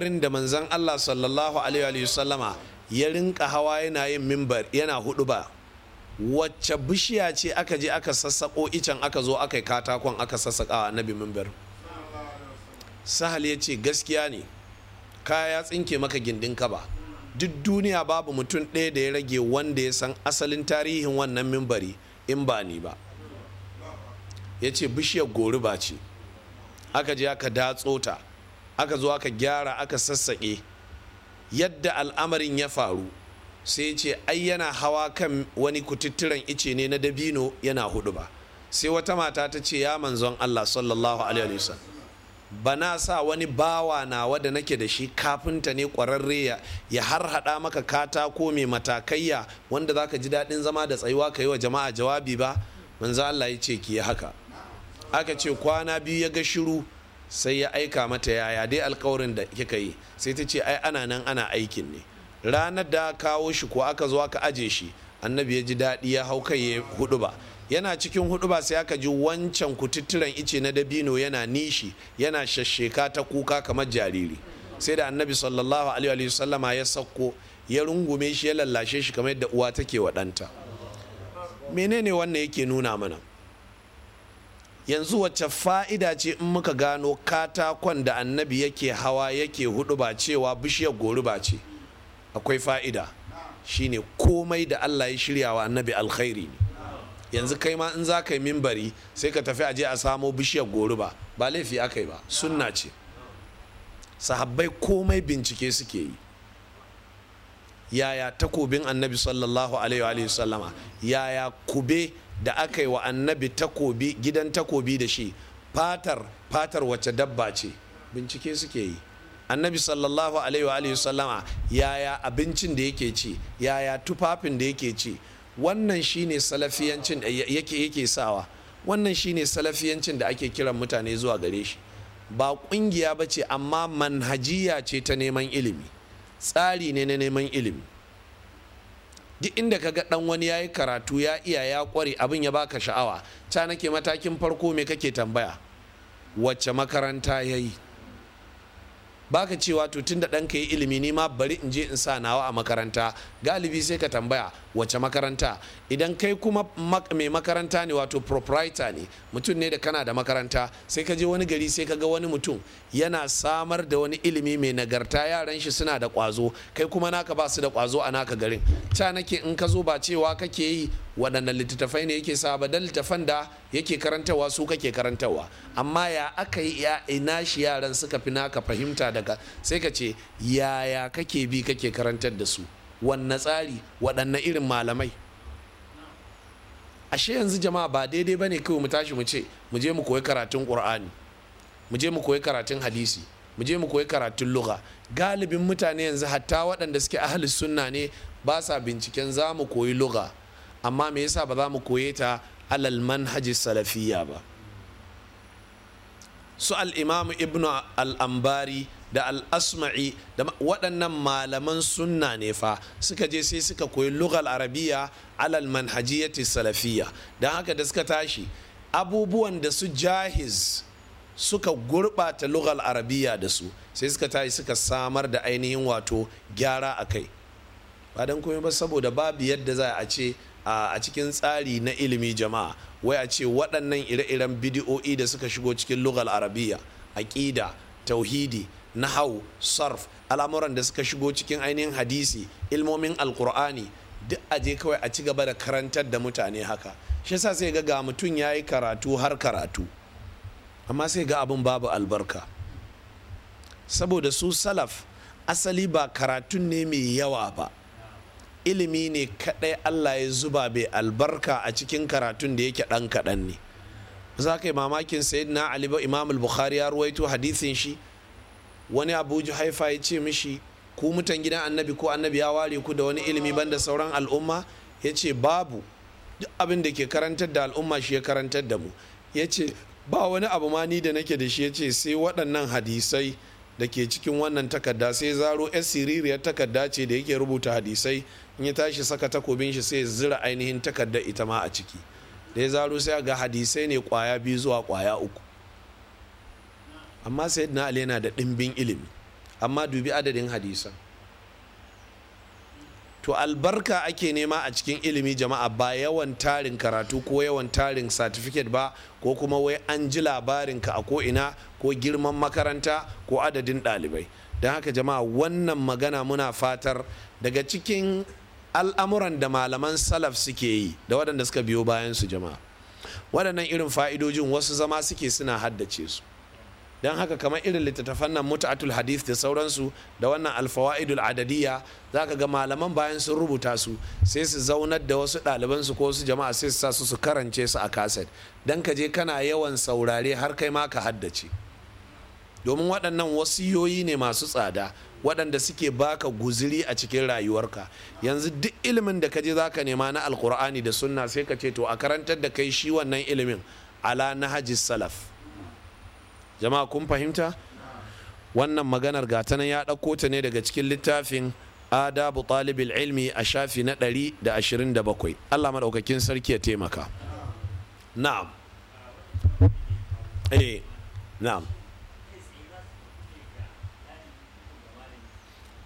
mimbarin da manzan Allah sallallahu alaihi wasallama ya rinka hawa yana yin mimbar yana hudu ba wacce bishiya ce aka je aka sassaƙo icen aka zo aka yi katakon aka sassaƙa nabi mimbar sahal ya ce gaskiya ne kaya ya tsinke maka gindin ka ba duk duniya babu mutum ɗaya da ya rage wanda ya san asalin tarihin wannan mimbari in ba ni ba ya ce bishiyar goruba ce aka je aka datso ta aka zo aka gyara aka sassaƙe yadda al'amarin ya faru sai ya ce ai yana hawa kan wani kututturen ice ne na dabino yana hudu ba sai wata mata ta ce ya manzon Allah sallallahu alaihi ba bana sa wani bawa nawa da nake da shi kafinta ne kwararre ya, ya har hada maka katako mai matakaiya wanda zaka ji daɗin zama da tsayuwa ka yi wa jama'a jawabi ba manzo Allah ya ce ki haka aka ce kwana biyu ya ga shiru sai ya aika mata yaya dai alkawarin da kika yi sai ta ce ai ana nan ana aikin ne ranar da kawo shi ko aka zo aka aje shi annabi ya ji daɗi ya hau kai ya hudu ba yana cikin hudu ba sai aka ji wancan kututturen ice na dabino yana nishi yana shasheka ta kuka kamar jariri sai da annabi sallallahu alaihi wa sallama ya sakko ya rungume shi ya lallashe shi kamar yadda uwa take wa ɗanta menene wannan yake nuna mana yanzu wacce fa'ida ce in muka gano katakon da annabi yake hawa yake hudu ba cewa bishiyar gori ba ce akwai fa'ida shine komai da allah ya shirya wa annabi alkhairi ne yanzu kai ma in za ka yi mimbari sai ka tafi aje a samo bishiyar gori ba ba laifi aka yi ba sunna ce sahabbai komai bincike suke yi yaya takobin annabi sallallahu alaihi wa sallama yaya kube da aka yi wa annabi takobi gidan takobi da shi fatar fatar wacce dabba ce bincike suke yi annabi sallallahu alaihi wa yaya abincin da yake ci yaya tufafin da yake ci wannan shine salafiyancin da yake sawa wannan shine salafiyancin da ake kiran mutane zuwa gare shi ba kungiya ba ce amma manhajiya ce ta neman ilimi tsari ne na neman ilimi duk inda ka ga dan wani yayi karatu ya iya ya kware abin ya baka sha'awa ta nake matakin farko me kake tambaya wacce makaranta yayi baka cewa to tunda ɗanka yi ilimi ni ma bari in je in sa nawa a makaranta galibi sai ka tambaya wace makaranta idan kai kuma mai makaranta ne wato proprietor ne mutum ne da kana da makaranta sai ka je wani gari sai ka ga wani mutum yana samar da wani ilimi mai nagarta yaran shi suna da kwazo kai kuma naka ba su da kwazo a naka garin ta nake in ka zo ba cewa kake yi waɗannan littattafai ne yake sa ba da littattafan da yake karantarwa su kake karantarwa amma ya aka yi ya ina shi yaran suka fi naka fahimta daga sai ka ce yaya kake bi kake karantar da su wanne tsari waɗanne irin malamai ashe yanzu jama'a ba daidai bane kawai mu tashi mu ce mu je mu koyi karatun qur'ani mu je mu koyi karatun hadisi mu je mu koyi karatun lugha galibin mutane yanzu hatta waɗanda suke ahli sunna ne ba sa binciken za mu koyi lugha amma me yasa ba za mu koye ta alal manhaji salafiyya ba su al'imamu ibnu al'ambari da al'asma'i da waɗannan malaman sunna ne fa suka je sai suka koyi lugal arabiya alal manhajiyati salafiya don haka da suka tashi abubuwan da su jahiz suka gurɓata lugal arabiya da su sai suka tashi suka samar da ainihin wato gyara a kai ba don komai ba saboda babu yadda za a ce a cikin tsari na ilimi jama'a wai a ce waɗannan ire-iren bidiyo'i da suka shigo cikin lugal arabiya aƙida tauhidi nahau sarf al'amuran da suka shigo cikin ainihin hadisi ilmomin alkur'ani duk a je kawai a ci gaba da karantar da mutane haka shi yasa sai ga ga mutum ya yi karatu har karatu amma sai ga abin babu albarka saboda su salaf asali ba karatun ne mai yawa ba ilimi ne kaɗai allah ya zuba bai albarka a cikin karatun da yake ɗan kaɗan ne za ka yi mamakin sayyidina ali ba imam bukhari ya ruwaito hadisin shi wani abu haifa ya ce mishi ku mutan gidan annabi ko annabi ya ware ku da wani ilimi banda sauran al'umma ya ce babu duk abin da ke karantar da al'umma shi ya karantar da mu ya ce ba wani abu ma ni da nake da shi ya ce sai waɗannan hadisai da ke cikin wannan takarda sai zaro yan siririyar takarda ce da yake rubuta hadisai in ya tashi saka takobin shi sai zira ainihin takarda ita ma a ciki da ya zaro sai ga hadisai ne kwaya biyu zuwa kwaya uku amma sayyidina ali yana da ɗimbin ilimi amma dubi adadin hadisan to albarka ake nema a cikin ilimi jama'a ba yawan tarin karatu ko yawan tarin satifiket ba ko kuma wai an ji labarin ka a ko'ina ko girman makaranta ko adadin ɗalibai don haka jama'a wannan magana muna fatar daga cikin al'amuran da malaman salaf suke yi da waɗanda suka biyo bayan su jama'a waɗannan irin fa'idojin wasu zama suke suna haddace su don haka kamar irin littattafan nan mut'atul hadith da sauransu da wannan alfawaidul adadiyya za ka ga malaman bayan sun rubuta su sai su zaunar da wasu ɗaliban su ko wasu jama'a sai su sa su su karance su a kaset don ka je kana yawan saurare har kai ma ka haddace domin waɗannan wasiyoyi ne masu tsada waɗanda suke baka guziri a cikin rayuwarka yanzu duk ilimin da ka je za ka nema na alkur'ani da sunna sai ka ce to a karantar da kai shi wannan ilimin ala nahajis salaf jama'a kun fahimta wannan maganar nan ya ɗauko ta ne daga cikin littafin adabu talibin ilmi a shafi na 127 allah maɗaukakin sarki ya taimaka na'am eh na'am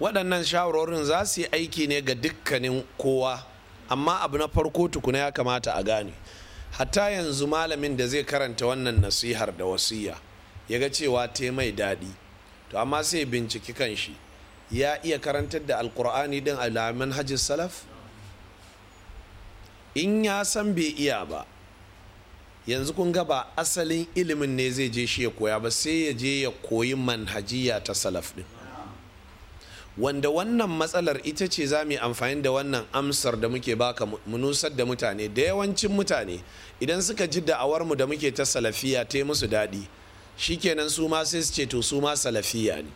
waɗannan shawarorin za su yi aiki ne ga dukkanin kowa amma abu na farko tukuna ya kamata a gane hatta yanzu malamin da zai karanta wannan nasihar da wasiya ya ga cewa te mai daɗi to amma sai binciki kan shi ya iya karantar da alkur'ani din alamin hajji salaf in ya san bai iya ba yanzu kun ga ba asalin ilimin ne zai je shi ya koya ba sai ya je ya koyi manhajiya ta salaf din wanda wannan matsalar ita ce za mu yi amfani da wannan amsar da muke baka munusar da mutane da yawancin mutane idan suka ji da'awarmu da muke ta salafiya ta yi musu daɗi shikenan su ma sai su ce to su ma salafiya ne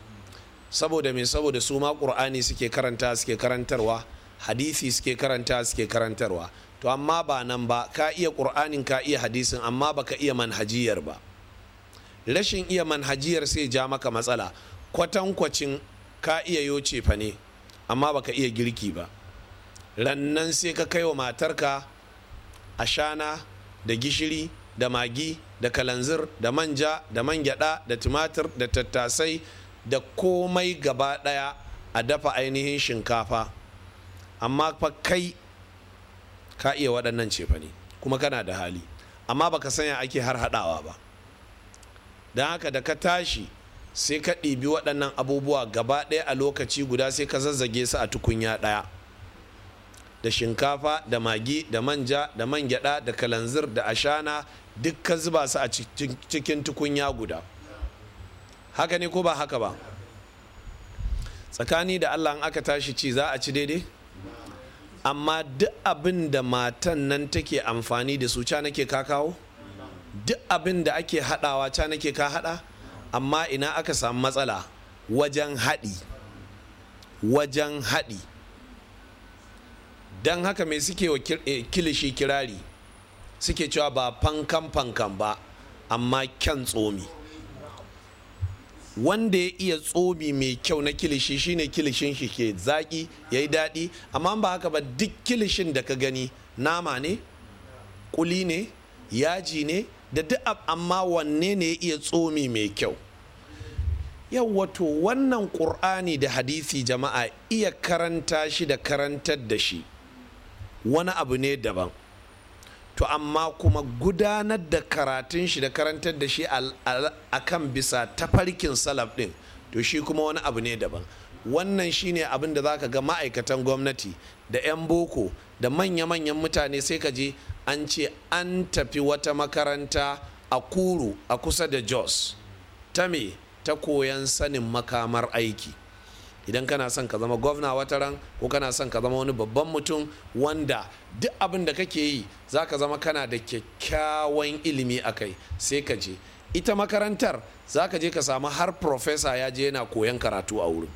saboda me saboda su ma qur'ani suke karanta suke karantarwa hadisi suke karanta suke karantarwa to amma ba nan ba ka iya qur'anin ka iya hadisin amma baka iya manhajiyar ba rashin iya manhajiyar sai ja maka matsala kwatankwacin ka iya yoce fa ne amma baka iya girki ba rannan sai ka kai wa matarka ashana da gishiri da magi da kalanzir da manja da man gyada da tumatir da tattasai da komai gaba daya a dafa ainihin shinkafa amma fa kai ka iya waɗannan cefane kuma kana da hali amma baka sanya ake har haɗawa ba don haka da ka tashi sai ka ɗibi waɗannan abubuwa gaba ɗaya a lokaci guda sai ka zazzage su a tukunya ɗaya da shinkafa da magi da manja da man gyada da kalanzir da ashana duk ka zuba su a cikin tukunya guda haka ne ko ba haka ba tsakani da allah an aka tashi ci za a ci daidai amma duk abin da matan nan take amfani da su cana nake ka kawo duk abin da ake hadawa cana nake ka hada? amma ina aka samu matsala wajen haɗi wajen haɗi don haka mai suke wa eh, kilishi kirari suke cewa ba fankan fankan ba amma kyan tsomi wanda ya iya tsomi mai kyau na kilishi shine kilishin shi ke zaki ya yi daɗi amma ba haka ba duk kilishin da ka gani nama ne kuli ne yaji ne da duk amma wanne ne ya iya tsomi mai kyau yau wato wannan ƙur'ani da hadisi jama'a iya karanta shi da karantar da shi wani abu ne daban to amma kuma gudanar da karatun shi da karantar da shi a kan bisa tafarkin salaf ɗin to shi kuma wani abu ne daban wannan ne abin da za ka ga ma'aikatan gwamnati da 'yan boko da manya-manyan mutane sai ka je an ce an tafi wata makaranta a kuru a kusa da jos ta me ta koyan sanin makamar aiki idan kana son ka zama gwamna wata ran ko kana son ka zama wani babban mutum wanda duk abin da kake yi za ka zama kana da kyakkyawan ilimi a kai sai ka je ita makarantar za ka je ka samu har profesa ya je yana koyan karatu a wurin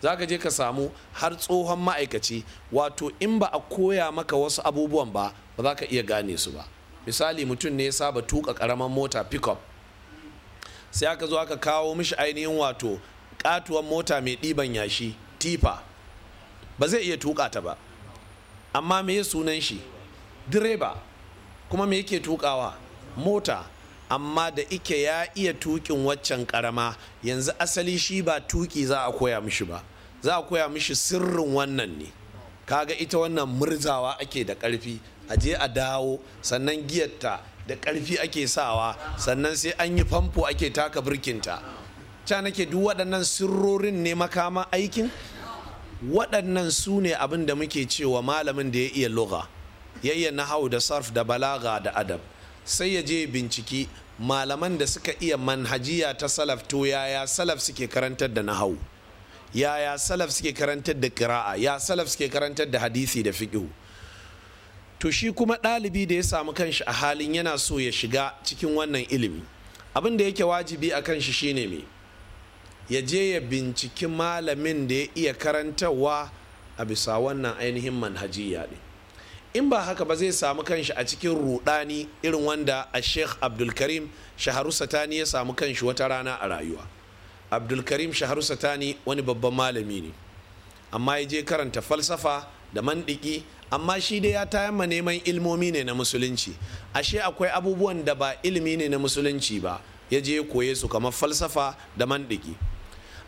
za ka je ka samu har tsohon ma'aikaci wato in ba a koya maka wasu abubuwan ba ba za ka iya gane su ba misali mutum ne ya saba tuka karaman mota pickup sai aka zo aka kawo mishi ainihin wato katuwar mota mai ɗiban yashi tifa ba zai iya tuka ta ba amma me sunan shi direba kuma me yake tukawa mota amma da ike ya iya tukin waccan karama yanzu asali shi ba tuki za a koya mishi ba za a koya mishi sirrin wannan ne kaga ita wannan murzawa ake da ƙarfi a je a dawo sannan giyarta da karfi ake sawa sannan sai an yi famfo ake taka birkinta ta nake duk waɗannan sirrorin ne makama aikin waɗannan su ne abin da muke cewa malamin da ya iya lugha ya iya nahau da sarf da balaga da adab sai ya je binciki malaman da suka iya manhajiya ta salaf to yaya salaf suke karantar da nahau yaya salaf suke karantar da kira'a ya salaf suke karantar da hadisi da fiqhu to shi kuma ɗalibi da ya samu kanshi a halin yana so ya shiga cikin wannan ilimi abin da yake wajibi a kanshi shine me ya je ya binciki malamin da ya iya karantarwa a bisa wannan ainihin manhajiya ne in ba haka ba zai samu kanshi a cikin rudani irin wanda a sheikh abdulkarim shaharu satani ya samu kanshi wata rana a rayuwa abdulkarim shaharu satani wani babban malami ne amma ya je karanta falsafa da mandiki amma shi dai ya tayamma neman ilmomi ne na musulunci ashe akwai abubuwan da ba ilimi ne na musulunci ba ya je koye su kamar falsafa da mandiki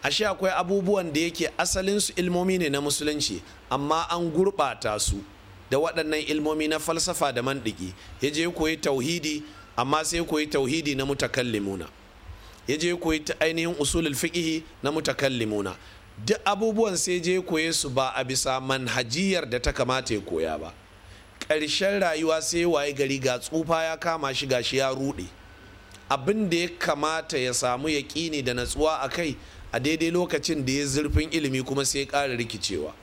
ashe akwai abubuwan da yake asalinsu ilmomi ne na musulunci amma an gurɓata su da waɗannan ilmomi na falsafa da mandiki ya je koyi tauhidi amma sai koyi tauhidi na mutakallimuna ya je koyi ta ainihin usulul fiqihi na mutakallimuna duk abubuwan sai je koye su ba a bisa manhajiyar da ta kamata ya koya ba ƙarshen rayuwa sai waye gari ga tsufa ya kama shi gashi ya ruɗe abin da ya kamata ya samu yaƙini da natsuwa a kai a daidai lokacin da ya zurfin ilimi kuma sai ƙara rikicewa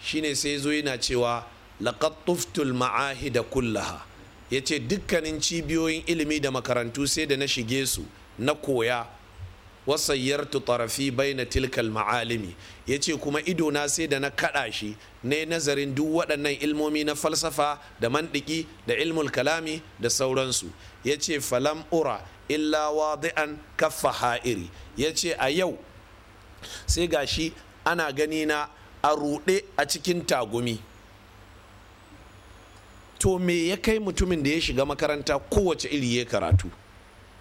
shine sai zo yana cewa laƙattuftul ma'ahi ma'ahida kullaha yace dukkanin cibiyoyin ilimi da makarantu sai da na shige su na koya wasayyartu tarafi baina tilkal ma'alimi ya ce kuma idona sai da na kaɗa shi ne nazarin duk waɗannan ilmomi na falsafa da mandiki da ilmul kalami da sauransu ya ce falam ura illa wadi'an kaffa ha'iri ya ce a yau sai gashi ana gani na a ruɗe a cikin tagumi to me ya kai mutumin da ya shiga makaranta kowace iri ya karatu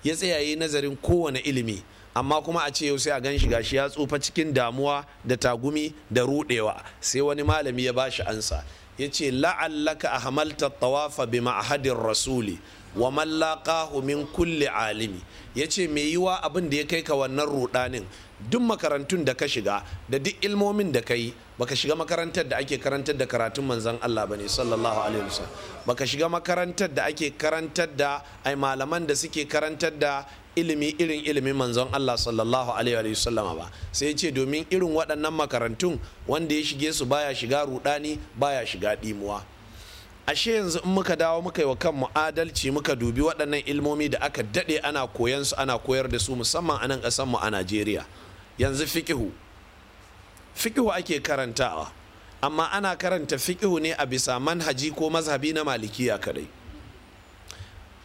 ya tsayaye nazarin kowane ilimi amma kuma a ce yau sai a gan shi gashi ya tsufa cikin damuwa da tagumi da rudewa sai wani malami ya bashi ansa ya ce la'allaka a hamalta tawafa bi ma'ahadin rasuli wa mallaqahu min kulli alimi ya ce mai yiwa abin da ya kai ka wannan rudanin duk makarantun da ka shiga da duk ilmomin da ka yi baka shiga makarantar da ake karantar da karatun manzon Allah bane sallallahu alaihi wasallam baka shiga makarantar da ake karantar da ai malaman da suke karantar da ilimi irin ilimin manzon Allah sallallahu alaihi sallam ba sai ya ce domin irin waɗannan makarantun wanda ya shige su baya shiga rudani baya shiga dimuwa ashe yanzu in muka dawo muka yi wa kan mu'adalci muka dubi waɗannan ilmomi da aka daɗe ana koyan su ana koyar da su musamman a nan mu a najeriya yanzu fiqhu fikihu ake karantawa amma ana karanta fikihu ne a bisa manhaji ko mazhabi na malikiya kadai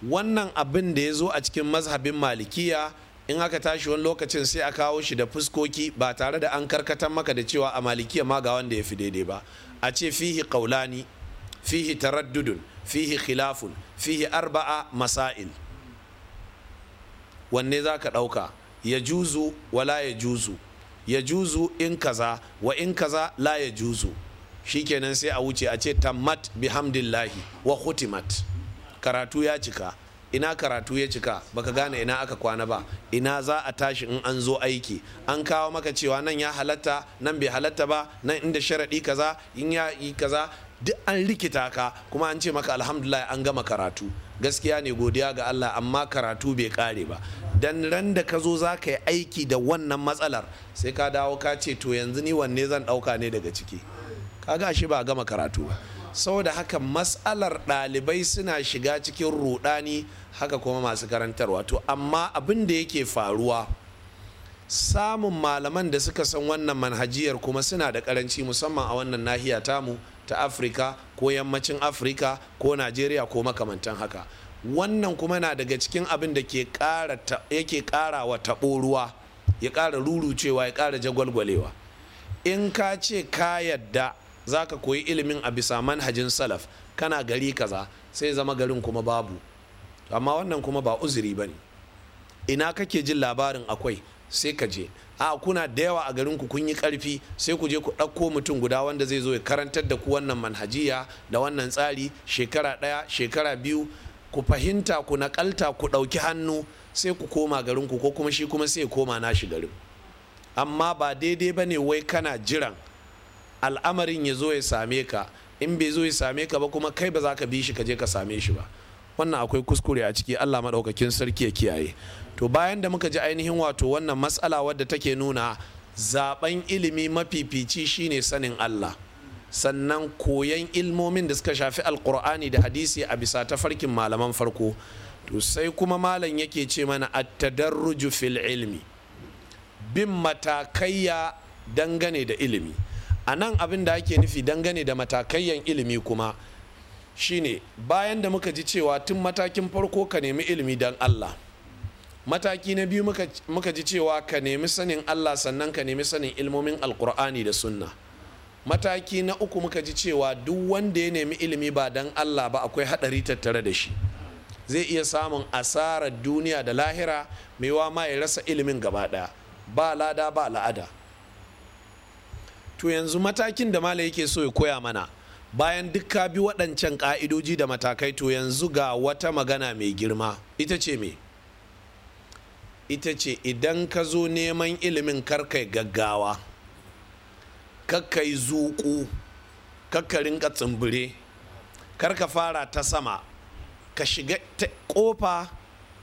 wannan abin da ya zo a cikin mazhabin malikiya in aka tashi wani lokacin sai a kawo shi da fuskoki ba tare da an karkatar maka da cewa a malikiya ma ga wanda ya fi daidai ba a ce fihi kaulani fihi taraddudun fihi khilafun fihi arba'a masail wanne za ka ɗauka ya juzu wala ya juzu ya juzu in kaza wa in kaza la ya juzu kenan sai a wuce a ce tammat bihamdillahi wa hutimat. karatu ya cika ina karatu ya cika baka gane ina aka kwana ba ina za a tashi in an zo aiki an kawo maka cewa nan ya halatta nan bai halatta ba nan inda sharaɗi kaza in ya yi kaza duk an rikita ka kuma an ce maka alhamdulillah an gama karatu gaskiya ne godiya ga Allah amma karatu bai kare ba dan ran da ka zo za ka yi aiki da wannan matsalar sai ka dawo ka ce to yanzu ni wanne zan ɗauka ne daga ciki kaga shi ba gama karatu ba saboda haka matsalar ɗalibai suna shiga cikin rudani haka kuma masu karantarwa to amma abin da yake faruwa samun malaman da suka san wannan manhajiyar kuma suna da karanci musamman a wannan nahiya tamu ta afirka ko yammacin afirka ko najeriya ko makamantan haka wannan kuma na daga cikin abin da yake ƙara wa taɓo ruwa ya ƙara rurucewa ya ƙara jagwalgwalewa in ka ce ka yadda za ka koyi ilimin a bisa manhajin salaf kana gari kaza sai zama garin kuma babu amma wannan kuma ba uzuri ba ne ina kake jin labarin akwai sai ka je a kuna da yawa a garin ku kun yi karfi sai ku je ku ɗauko mutum guda wanda zai zo ya karantar da ku wannan manhajiya da wannan tsari shekara ɗaya shekara biyu ku fahimta ku naƙalta ku ɗauki hannu sai ku koma garin ku ko kuma shi kuma sai ya koma nashi garin amma ba daidai ba ne wai kana jiran al'amarin ya zo ya same ka in bai zo ya same ka ba kuma kai ba za ka bi shi ka je ka same shi ba wannan akwai kuskure a ciki Allah maɗaukakin sarki ya kiyaye to bayan da muka ji ainihin wato wannan matsala wadda take nuna zaben ilimi mafifici shine sanin Allah sannan koyan ilmomin da suka shafi alkur'ani da hadisi a bisa ta farkin malaman farko to sai kuma malam yake ce mana at-tadarruju fil ilmi bin matakayya dangane da ilimi a nan abin da ake nufi dangane da matakayyan ilimi kuma shine bayan da muka ji cewa tun matakin farko ka nemi ilimi don allah mataki na biyu muka ji cewa ka nemi sanin allah sannan ka nemi sanin ilmomin alkur'ani da sunna mataki na uku muka ji cewa duk wanda ya nemi ilimi ba don allah ba akwai haɗari tattare da shi zai iya samun asarar duniya da lahira maiwa ma ya rasa ilimin gaba ɗaya ba lada ba la'ada to yanzu matakin da malai yake so ya koya mana bayan duk ka bi waɗancan ƙa'idoji da matakai to yanzu ga wata magana mai girma ita ce me ita ce idan ka zo neman ilimin karkai gaggawa kakkai zuƙu kakkarin ka tsumbure karka fara ta sama ka shiga ta ƙofa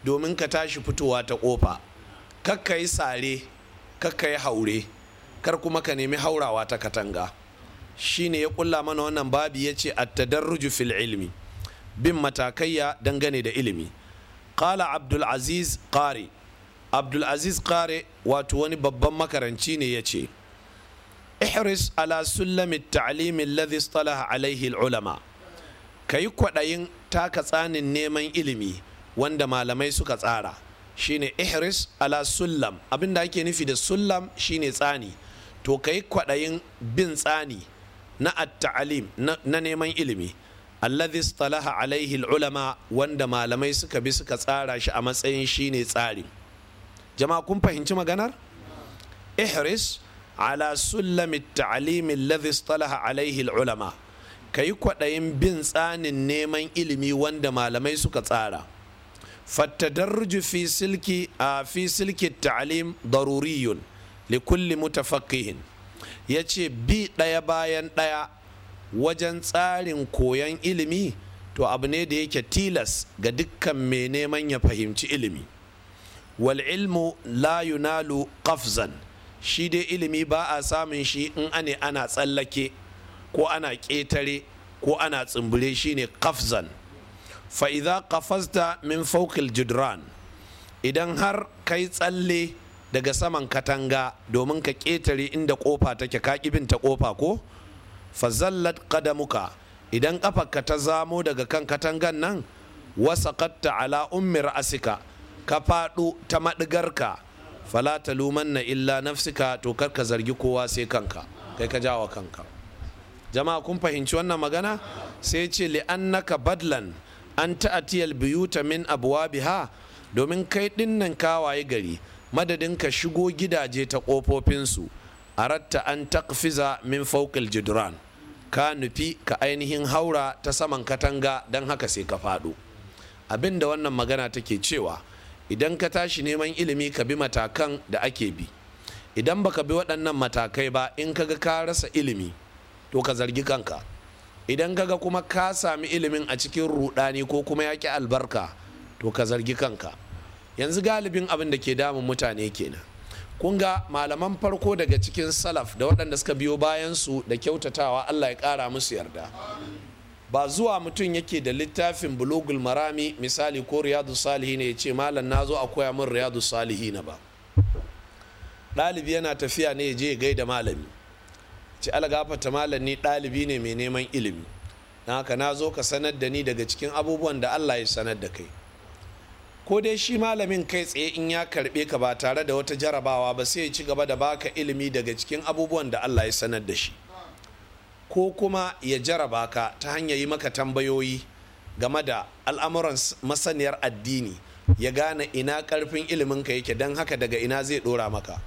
domin ka tashi fitowa ta ƙofa kakkai sare kakkai haure kar kuma ka nemi haurawa ta katanga shine ya kulla mana wannan babi ya ce at-tadarruju fil ilmi bin matakayya dangane da ilimi qala abdul aziz qari abdul aziz qari wato wani babban makaranci ne ya ce ihris ala sullami at-ta'lim alladhi istalaha alayhi al-ulama kayi kwaɗayin taka tsanin neman ilimi wanda malamai suka tsara shine ihris ala sullam abinda ake nufi da sullam shine tsani to ka yi kwaɗayin bin tsani na at-ta'alim na neman ilimi alladhi istalaha alaihi ulama wanda malamai suka bi suka tsara shi a matsayin shine tsari jama'a kun fahimci maganar ihris ala sullami ta'alimi alladhi talaha alaihi ulama ka yi kwaɗayin bin tsanin neman ilimi wanda malamai suka tsara fattadarruju fi silki a fi silki ta'alim daruriyun likulli mutafaqqihin ya ce bi ɗaya bayan ɗaya wajen tsarin koyon ilimi to abu ne da yake tilas ga dukkan mai neman ya fahimci ilimi wal ilmu la yunalu qafzan shi dai ilimi ba a samun shi in ane ana tsallake ko ana ƙetare ko ana tsumbure shi ne qafzan fa idza min fawqil judran idan har kai tsalle daga saman katanga domin ka ƙetare inda ƙofa take ka bin ta ƙofa ko fazallat ƙadamuka idan ƙafarka ta zamo daga kan katangan nan wasaqatta ala ummi ra'asika ka faɗo ta maɗigarka fala na illa nafsika to kar ka zargi kowa sai kanka kai ka jawa kanka jama'a kun fahimci wannan magana sai ce li'annaka badlan an ta'atiyal biyuta min abwabiha domin kai dinnan kawaye gari madadin ka shigo gidaje ta ƙofofinsu aratta an takfiza min fawqil jidran ka nufi ka ainihin haura ta saman katanga don haka sai ka faɗo abinda wannan magana take cewa idan ka tashi neman ilimi ka bi matakan da ake bi idan baka bi waɗannan matakai ba in kaga ka rasa ilimi to ka zargi kanka idan kaga kuma ka sami ilimin a cikin rudani ko kuma yaƙi albarka to ka zargi kanka yanzu galibin abin da ke damun mutane kenan kun ga malaman farko daga cikin salaf da waɗanda suka biyo bayansu da kyautatawa Allah ya kara musu yarda ba zuwa mutum yake da littafin bulogul marami misali ko riyadu salihi ne ya ce malam na zo a koya min riyadu salihi na ba ɗalibi yana tafiya ne ya je ya gaida malami ci algafata malam ni ɗalibi ne mai neman ilimi na haka na zo ka sanar da ni daga cikin abubuwan da Allah ya sanar da kai ko dai shi malamin kai tsaye in ya karɓe ka ba tare da wata jarabawa ba sai ya ci gaba da baka ilimi daga cikin abubuwan da Allah ya sanar da shi ko kuma ya jaraba ka ta hanyar yi maka tambayoyi game da al'amuran masaniyar addini ya gane ina karfin ilimin ka yake don haka daga ina zai dora maka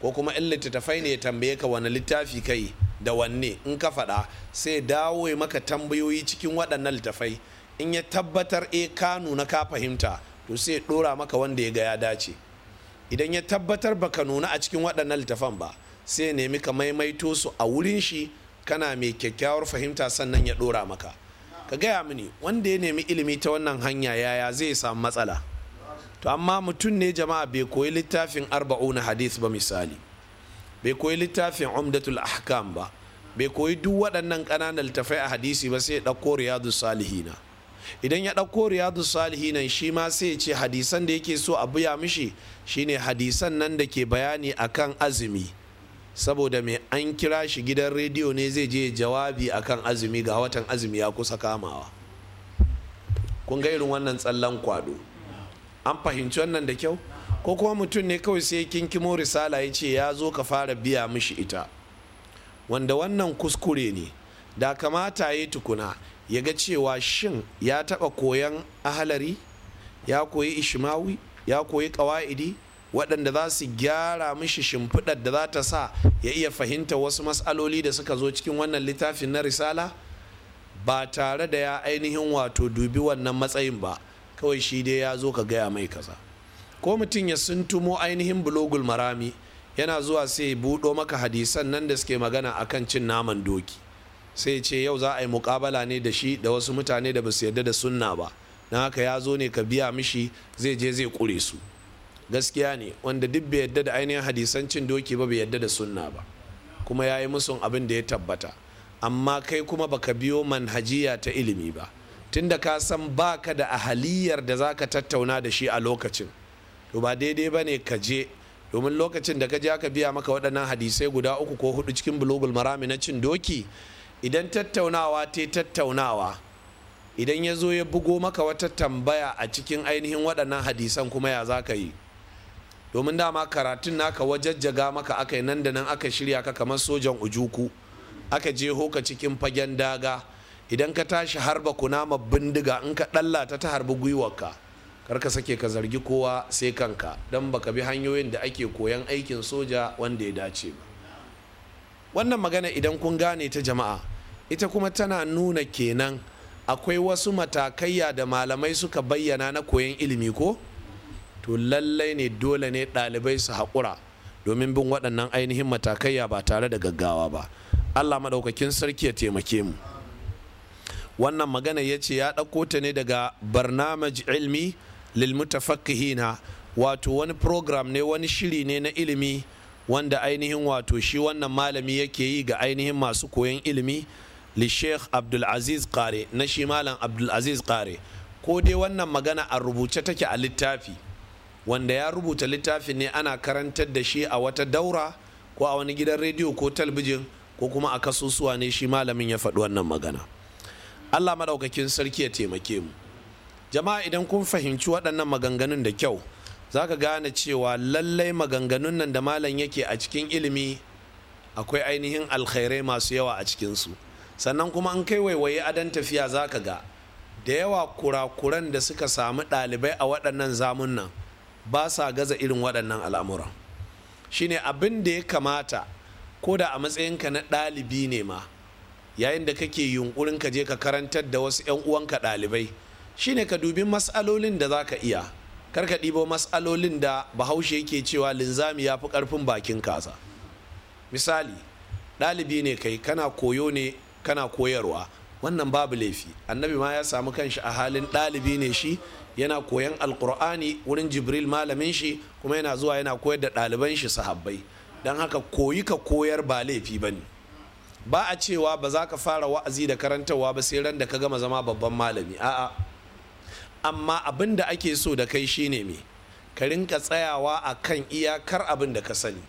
ko kuma in littattafai ne ya tambaye ka wani littafi kai da wanne in ka faɗa sai dawo maka tambayoyi cikin waɗannan littattafai in ya tabbatar e ka nuna ka fahimta to sai dora maka wanda ya ga ya dace idan ya tabbatar baka nuna a cikin waɗannan littafan ba sai ya nemi ka maimaito su a wurin shi kana mai kyakkyawar fahimta sannan ya dora maka ka gaya mini wanda ya nemi ilimi ta wannan hanya yaya zai samu matsala to amma mutum ne jama'a bai koyi littafin arba'una hadith ba misali bai koyi littafin umdatul ahkam ba bai koyi duk waɗannan ƙananan littafai a hadisi ba sai ya ɗauko riyadu salihina idan ya ɗauko riyadu nan shi ma sai ya ce hadisan da yake so a buya mishi shine hadisan nan da ke bayani akan azumi saboda mai an kira shi gidan rediyo ne zai je jawabi akan azumi ga watan azumi ya kusa kamawa kun ga irin wannan tsallan kwado an fahimci wannan da kyau ko kuma mutum ne kawai sai kin kinkimo risala ya ce ya zo ka fara biya mishi ita wanda wannan kuskure ne da kamata ya yi tukuna ya ga cewa shin ya taɓa koyan ahalari ya koyi ishimawi ya koyi ƙawa'idi waɗanda za su gyara mishi shimfiɗar da za ta sa ya iya fahimta wasu matsaloli da suka zo cikin wannan littafin na risala ba tare da ya ainihin wato dubi wannan matsayin ba kawai shi dai ya zo ka gaya mai kaza ko mutum ya suntumo ainihin bulogul marami yana zuwa sai buɗo maka hadisan nan da suke magana akan cin naman doki sai ce yau za a yi mukabala ne da shi da wasu mutane da ba su yarda da sunna ba na haka ya zo ne ka biya mishi zai je zai kure su gaskiya ne wanda duk bai yarda da ainihin hadisan cin doki ba bai yarda da sunna ba kuma ya yi musun abin da ya tabbata amma kai kuma baka biyo manhajiya ta ilimi ba tunda ka san baka da ahaliyar da zaka tattauna da shi a lokacin to ba daidai ba ne ka je domin lokacin da ka je aka biya maka waɗannan hadisai guda uku ko hudu cikin bulogul marami na cin doki idan tattaunawa ta tattaunawa idan ya zo ya bugo maka wata tambaya a cikin ainihin waɗannan hadisan kuma ya za ka yi domin dama karatun naka wajajjaga maka aka yi nan da nan aka shirya ka kamar sojan ujuku aka je hoka cikin fagen daga idan ka tashi harba kunama bindiga in ka ɗallata ta harbi gwiwarka kar ka sake ka zargi kowa sai kanka don baka bi hanyoyin da ake koyan aikin soja wanda ya dace ba wannan magana idan kun gane ta jama'a ita kuma tana nuna kenan akwai wasu matakayya da malamai suka bayyana na koyon ilimi ko to lallai ne dole ne ɗalibai su haƙura domin bin waɗannan ainihin matakaiya ba tare da gaggawa ba allah maɗaukakin sarki ya taimake mu wannan magana ya ce ya ɗauko ta ne daga barnamaj ilmi lilmutafakihina wato wani program ne wani shiri ne na ilimi wanda ainihin wato shi wannan malami yake yi ga ainihin masu koyon ilimi lishek abdulaziz kare na shi malam abdulaziz kare ko dai wannan magana a rubuce take a littafi wanda ya rubuta littafi ne ana karantar da shi a wata daura ko a wani gidan rediyo ko talbijin ko kuma a kasusuwa ne shi malamin ya faɗi wannan magana allah maɗaukakin sarki ya taimake mu jama'a idan kun fahimci waɗannan maganganun da kyau za ka gane cewa lallai maganganun nan da malam yake a cikin ilimi akwai ainihin alkhairai masu yawa a cikinsu sannan kuma an kai waiwaye adon tafiya za ka ga da yawa kurakuran da suka samu ɗalibai a waɗannan zamun nan ba sa gaza irin waɗannan al'amuran shine abin da ya kamata ko da a matsayinka na ɗalibi ne ma yayin da kake yunkurin ka je ka karantar da wasu 'yan uwanka ɗalibai shine ka dubi matsalolin da za ka iya kar ka ɗibo matsalolin da bahaushe yake cewa linzami ya fi ƙarfin bakin kaza misali ɗalibi ne kai kana koyo ne kana koyarwa wannan babu laifi annabi ma ya samu kanshi a halin ɗalibi ne shi yana koyan alkur'ani wurin jibril malamin shi kuma yana zuwa yana koyar da ɗaliban shi sahabbai don haka koyi ka koyar ba laifi ba ne ba a cewa ba za ka fara wa'azi da karantarwa ba sai ran da ka gama zama babban malami a'a amma abin da ake so da kai shine me ka rinka tsayawa a kan iyakar abin da ka sani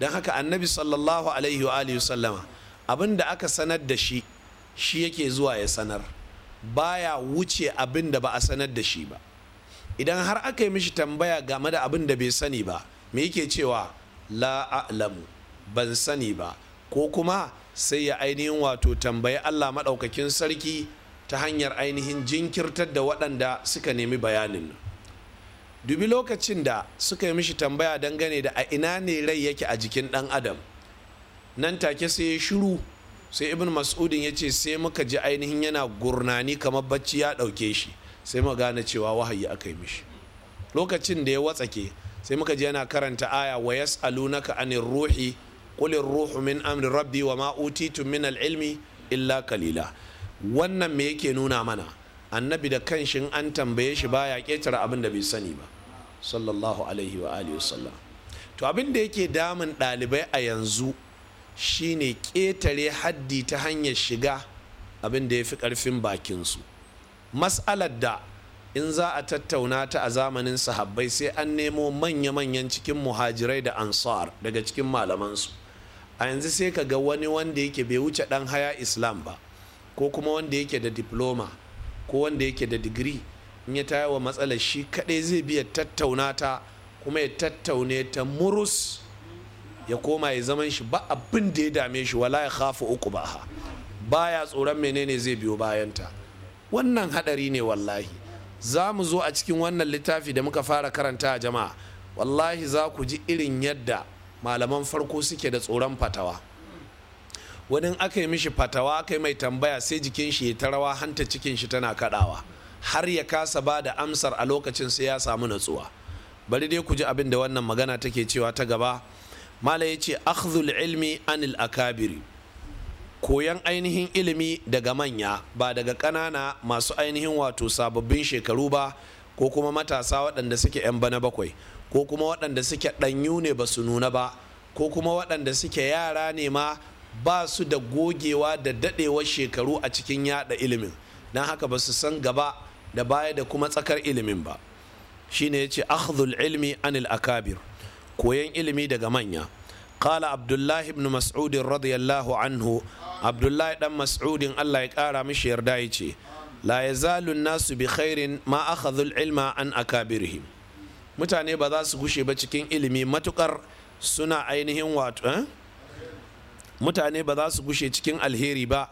don haka annabi sallallahu alaihi wa sallama abin da aka sanar da shi shi yake zuwa ya sanar baya wuce abin da ba a sanar da shi ba idan har aka yi mishi tambaya game da abin da bai sani ba me yake cewa la ban sani ba ko kuma sai ya ainihin wato tambayi Allah maɗaukakin sarki ta hanyar ainihin jinkirtar da waɗanda suka nemi bayanin dubi lokacin da suka yi mishi tambaya dangane da a ina ne rai yake a jikin ɗan adam nan take sai ya shiru sai ibn mas'udin ya ce sai muka ji ainihin yana gurnani kamar bacci ya ɗauke shi sai mu gane cewa wahayi aka yi mishi lokacin da ya watsake sai muka ji yana karanta aya wa yas'alunaka anir ruhi qul ruhu min amri rabbi wa ma tun min al-ilmi illa kalila wannan me yake nuna mana annabi da kanshin an tambaye shi baya ketara abin da bai sani ba sallallahu alaihi wa alihi wasallam to abin da yake damun ɗalibai a yanzu shine ƙetare haddi ta hanyar shiga abin da ya fi ƙarfin bakinsu mas'alar da in za a tattauna ta a zamanin sahabbai sai an nemo manya-manyan cikin muhajirai da ansar daga cikin malamansu a yanzu sai ka ga wani wanda yake bai wuce ɗan haya islam ba ko kuma wanda yake da diploma ko wanda yake da digiri in ya tayawa wa matsalar shi kaɗai zai biya tattauna ta kuma ya tattaune ta murus ya koma ya zaman shi ba abin da ya dame shi wala ya khafu uku ba ha baya tsoron menene zai biyo bayanta wannan hadari ne wallahi za mu zo a cikin wannan littafi da muka fara karanta a jama'a wallahi za ku ji irin yadda malaman farko suke da tsoron fatawa wani aka yi mishi fatawa aka yi mai tambaya sai jikin shi ya ta rawa hanta cikin shi tana kadawa har ya kasa ba da amsar a lokacin sai ya samu natsuwa bari dai ku ji abin da wannan magana take cewa ta gaba mala ya ce akhzul ilmi anil akabiri koyan ainihin ilimi daga manya ba daga ƙanana masu ainihin wato sababbin shekaru ba ko kuma matasa waɗanda suke 'yan bana bakwai ko kuma waɗanda suke ɗanyu ne ba su nuna ba ko kuma waɗanda suke yara ne ma ba su da gogewa da daɗewar shekaru a cikin yada ilimin na haka ba su san gaba da baya da kuma tsakar ilimin ba shine ya ce akhzul ilmi anil akabir koyon ilimi daga manya قال Abdullahi الله بن مسعود anhu. Abdullahi عنه Mas'udin. Allah بن ƙara الله yarda مش يردايتي لا nasu bi بخير ma aka العلم عن أكابرهم mutane ba za su gushe ba cikin ilimi matukar suna ainihin wato eh? mutane ba za su gushe cikin alheri ba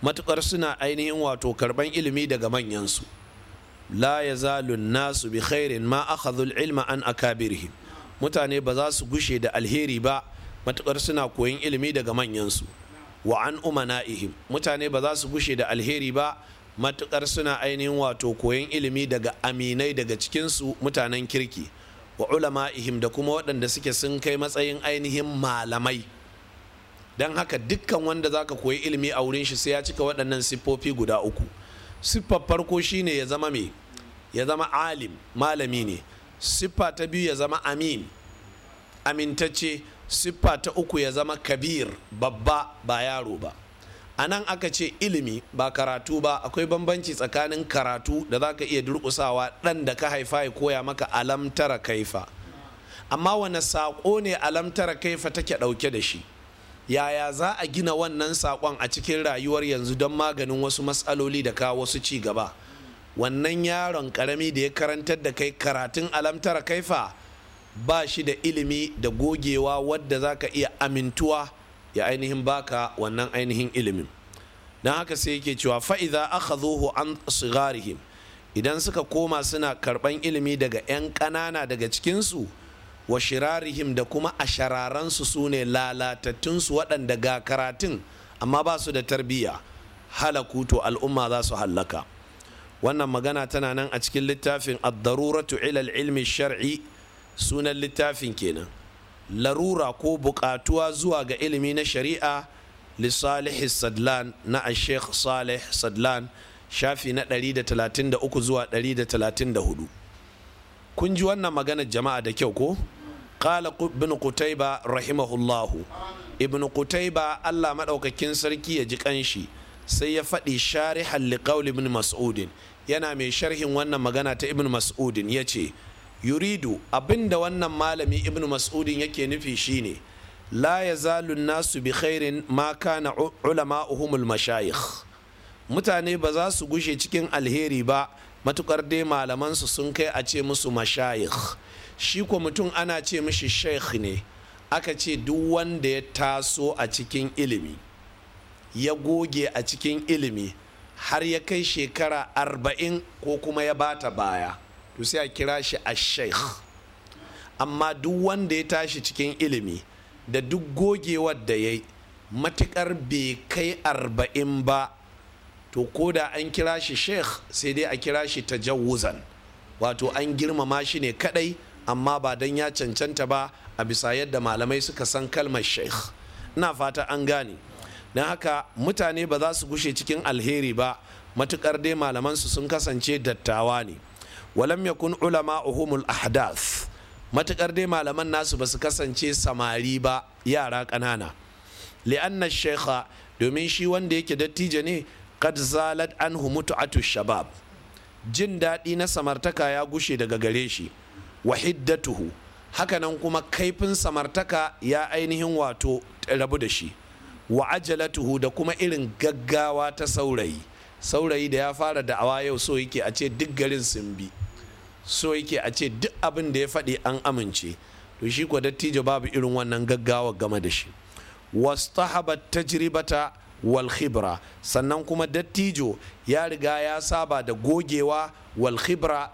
matukar suna ainihin wato karban ilimi daga manyansu la ya nasu bi khairin ma akhadhul ilma an akabirihim mutane ba za su gushe da alheri ba matukar suna koyon ilimi daga manyansu wa an umana ihim. mutane ba za su gushe da alheri ba matukar suna ainihin wato koyon ilimi daga aminai daga cikinsu mutanen kirki wa ulama ihim da kuma waɗanda suke sun kai matsayin ainihin malamai don haka dukkan wanda za ka koyi ilimi a wurin shi sai ya cika waɗannan siffofi guda uku siffar farko shine ya zama me ya zama alim malami ne siffa ta biyu ya zama amin amintacce siffa ta uku ya zama kabir babba ba yaro ba a nan aka ce ilimi ba karatu ba akwai bambanci tsakanin karatu da za ka iya durƙusawa ɗan da ka haifa ya koya maka alamtara kaifa amma wane saƙo ne alamtara kaifa take ɗauke da shi yaya za a gina wannan saƙon a cikin rayuwar yanzu don maganin wasu matsaloli da kawo wasu ci gaba wannan yaron karami da ya karantar da kai karatun alamtara kaifa ba shi da ilimi da gogewa wadda za ka iya amintuwa ya ainihin baka wannan ainihin ilimin don haka sai yake cewa fa'iza aka zuhu an sigarihim idan suka koma suna karɓan ilimi daga 'yan ƙanana daga cikinsu wa shirarihim da kuma a shararansu su ne lalatattunsu waɗanda ga karatun amma ba su da tarbiyya halakuto al'umma za su hallaka wannan magana tana nan a cikin littafin addaruratu ilal ilmi shar'i sunan littafin kenan larura ko buƙatuwa zuwa ga ilimi na shari'a li sadlan na sheikh salih sadlan shafi na 133 zuwa 134 kun ji wannan magana jama'a da kyau ko قال ابن rahimahullahu رحمه allah ابن sarki ya ji كنسركي sai ya faɗi sharihan لقول ابن Mas'udin. yana mai sharhin wannan magana ta ibn mas'udin ya ce yuridu abinda wannan malami ibn mas'udin yake nufi shine la ya zalun nasu bi khairin ma kana ulama uhumul mashayikh mutane ba za su gushe cikin alheri ba matukar dai malamansu sun kai a ce musu mashayikh shi ko mutum ana ce mishi sheikh ne aka ce duk wanda ya taso a cikin ilimi ya goge a cikin ilimi har ya kai shekara arba'in ko kuma ya bata baya to sai a kira shi a sheikh amma duk wanda ya tashi cikin ilimi da duk gogewar da ya yi matukar bai kai arba'in ba to ko da an kira shi sheikh sai dai a kira shi ta tajawuzan wato an girmama shi ne kadai amma ba don ya cancanta ba a bisa yadda malamai suka san kalmar sheikh na fata an gane Na haka mutane ba za su gushe cikin alheri ba matukar dai malamansu sun kasance dattawa ne walam yakun ulama uhumul ahdath matukar dai malaman nasu ba su kasance samari ba yara ƙanana li'anna shekha domin shi wanda yake dattijo ne kad zalat anhu mutu'atu shabab jin daɗi na samartaka ya gushe daga gare shi wa hiddatuhu nan kuma kaifin samartaka ya ainihin wato rabu da shi wa ajalatuhu da kuma irin gaggawa ta saurayi saurayi da ya fara da'awa yau so yake a ce duk garin sun bi so yake a ce duk abin da ya faɗi an amince to shi ko dattijo babu irin wannan gaggawa game da shi wastahabat tajribata wal khibra sannan kuma dattijo ya riga ya saba da gogewa wal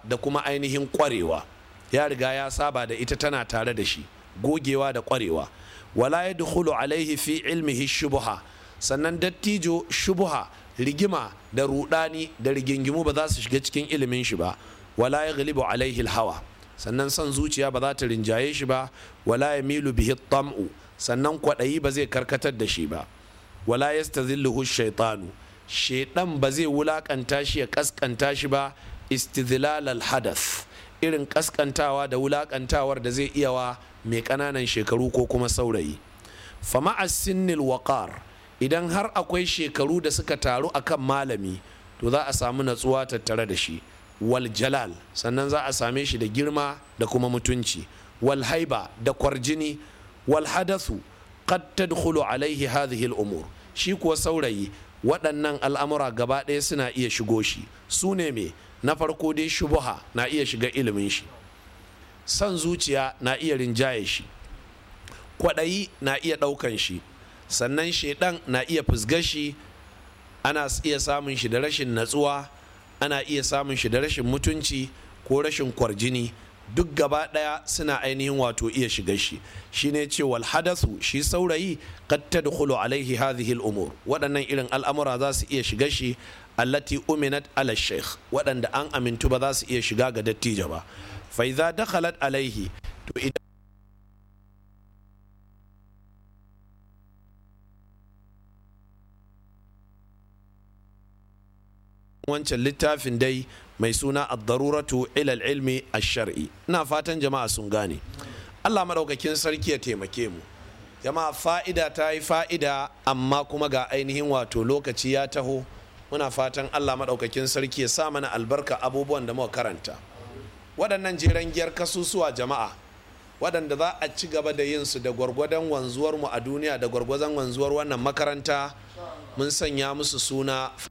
da kuma ainihin kwarewa ya riga ya saba da ita tana tare da shi gogewa da kwarewa wala ya dukulu alaihi fi ilmihi shubuha sannan dattijo shubuha rigima da rudani da rigingimu ba za su shiga cikin ilimin shi ba wala ya galibu alaihi hawa sannan son zuciya ba za ta rinjaye shi ba wala ya milu bihi tam'u sannan kwaɗayi ba zai karkatar da shi ba wala hu shaitanu shaitan ba zai wulakanta shi ya kaskanta shi ba istidlal hadas. hadath irin kaskantawa da wulakantawar da zai iya wa mai ƙananan shekaru ko kuma saurayi fama sinnil waƙar idan har akwai shekaru da suka taru a kan malami to za a samu natsuwa tattare da shi wal jalal sannan za a same shi da girma da kuma mutunci wal haiba da kwarjini wal hadasu qad tadkhulu alaihi hadhihi al umur shi kuwa saurayi waɗannan al'amura gaba ɗaya suna iya shigo shi su ne me na farko dai shubuha na iya shiga ilimin shi san zuciya na iya rinjaye shi kwaɗayi na iya ɗaukan shi sannan shaidan na iya fusgar shi ana iya samun shi da rashin natsuwa ana iya samun shi da rashin mutunci ko rashin kwarjini duk gaba ɗaya suna ainihin wato iya shiga shi shine ce wal hadasu shi saurayi qad tadkhulu alaihi hadhihi al umur waɗannan irin al'amura za su iya shiga shi allati uminat ala sheikh waɗanda an amintu ba za su iya shiga ga dattijo ba fa idza dakhalat alaihi to wancan littafin dai mai suna ad-daruratu ila ilmi a shari ina fatan jama'a sun gane Allah madaukakin sarki ya taimake mu jama'a fa'ida ta yi fa'ida amma kuma ga ainihin wato lokaci ya taho muna fatan Allah madaukakin sarki ya sa mana albarka abubuwan da muka karanta waɗannan jiran giyar kasusuwa jama'a waɗanda za a ci gaba da yin su da gwargwadon wanzuwar mu a duniya da gwargwadon wanzuwar wannan makaranta mun sanya musu suna